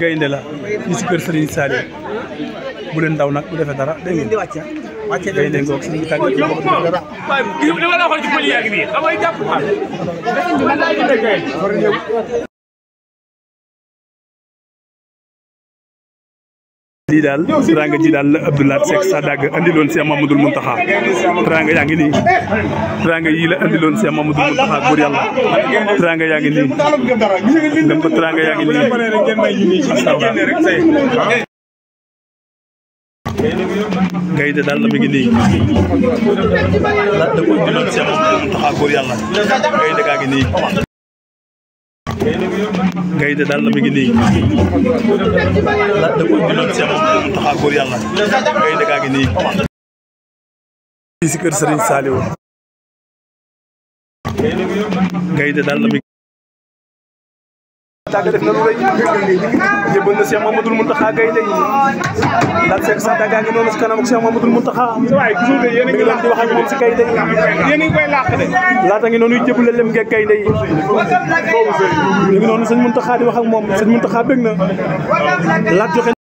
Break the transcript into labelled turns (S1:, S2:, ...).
S1: gaynde la fii si kër Serigne Saliou bu leen daw nag bu defee dara dégg ngeen gaynde ngoog suñu tàggat yi bokk na dara. li ma la waxoon ci pël lii daal teraanga ji daal la Abdou Lahad Seck Sadaga andiloon Cheikh Mamadou Mountakha teraanga yaa ngi nii teraanga yii la andiloon Cheikh Mamadou Mountakha góor yàlla teraanga yaa ngi nii dem ba teraanga yaa ngi nii gaynde daal la mi ngi nii gaynde daal la mi ngi nii da da ko jëloon Cheikh Mountakha góor yàlla gaynde gaa ngi nii fii si kër Serigne Saliou gaynde daal la mi Sandaga def na lu rëy yëbal na Cheikh Mamadou Mountakha Gaynde Laat Seck Sandaga ngi noonu si kanam ak Cheikh Mamadou Mountakha waaye toujours de yéen a ngi leen di wax ak moom si Gaynde yéen a ngi koy làq de laata ngi noonu jëbale lem ngeeg Gaynde yi ñu ngi noonu sëñ Mountakha di wax ak moom sëñ Mountakha bëgg na laat joxe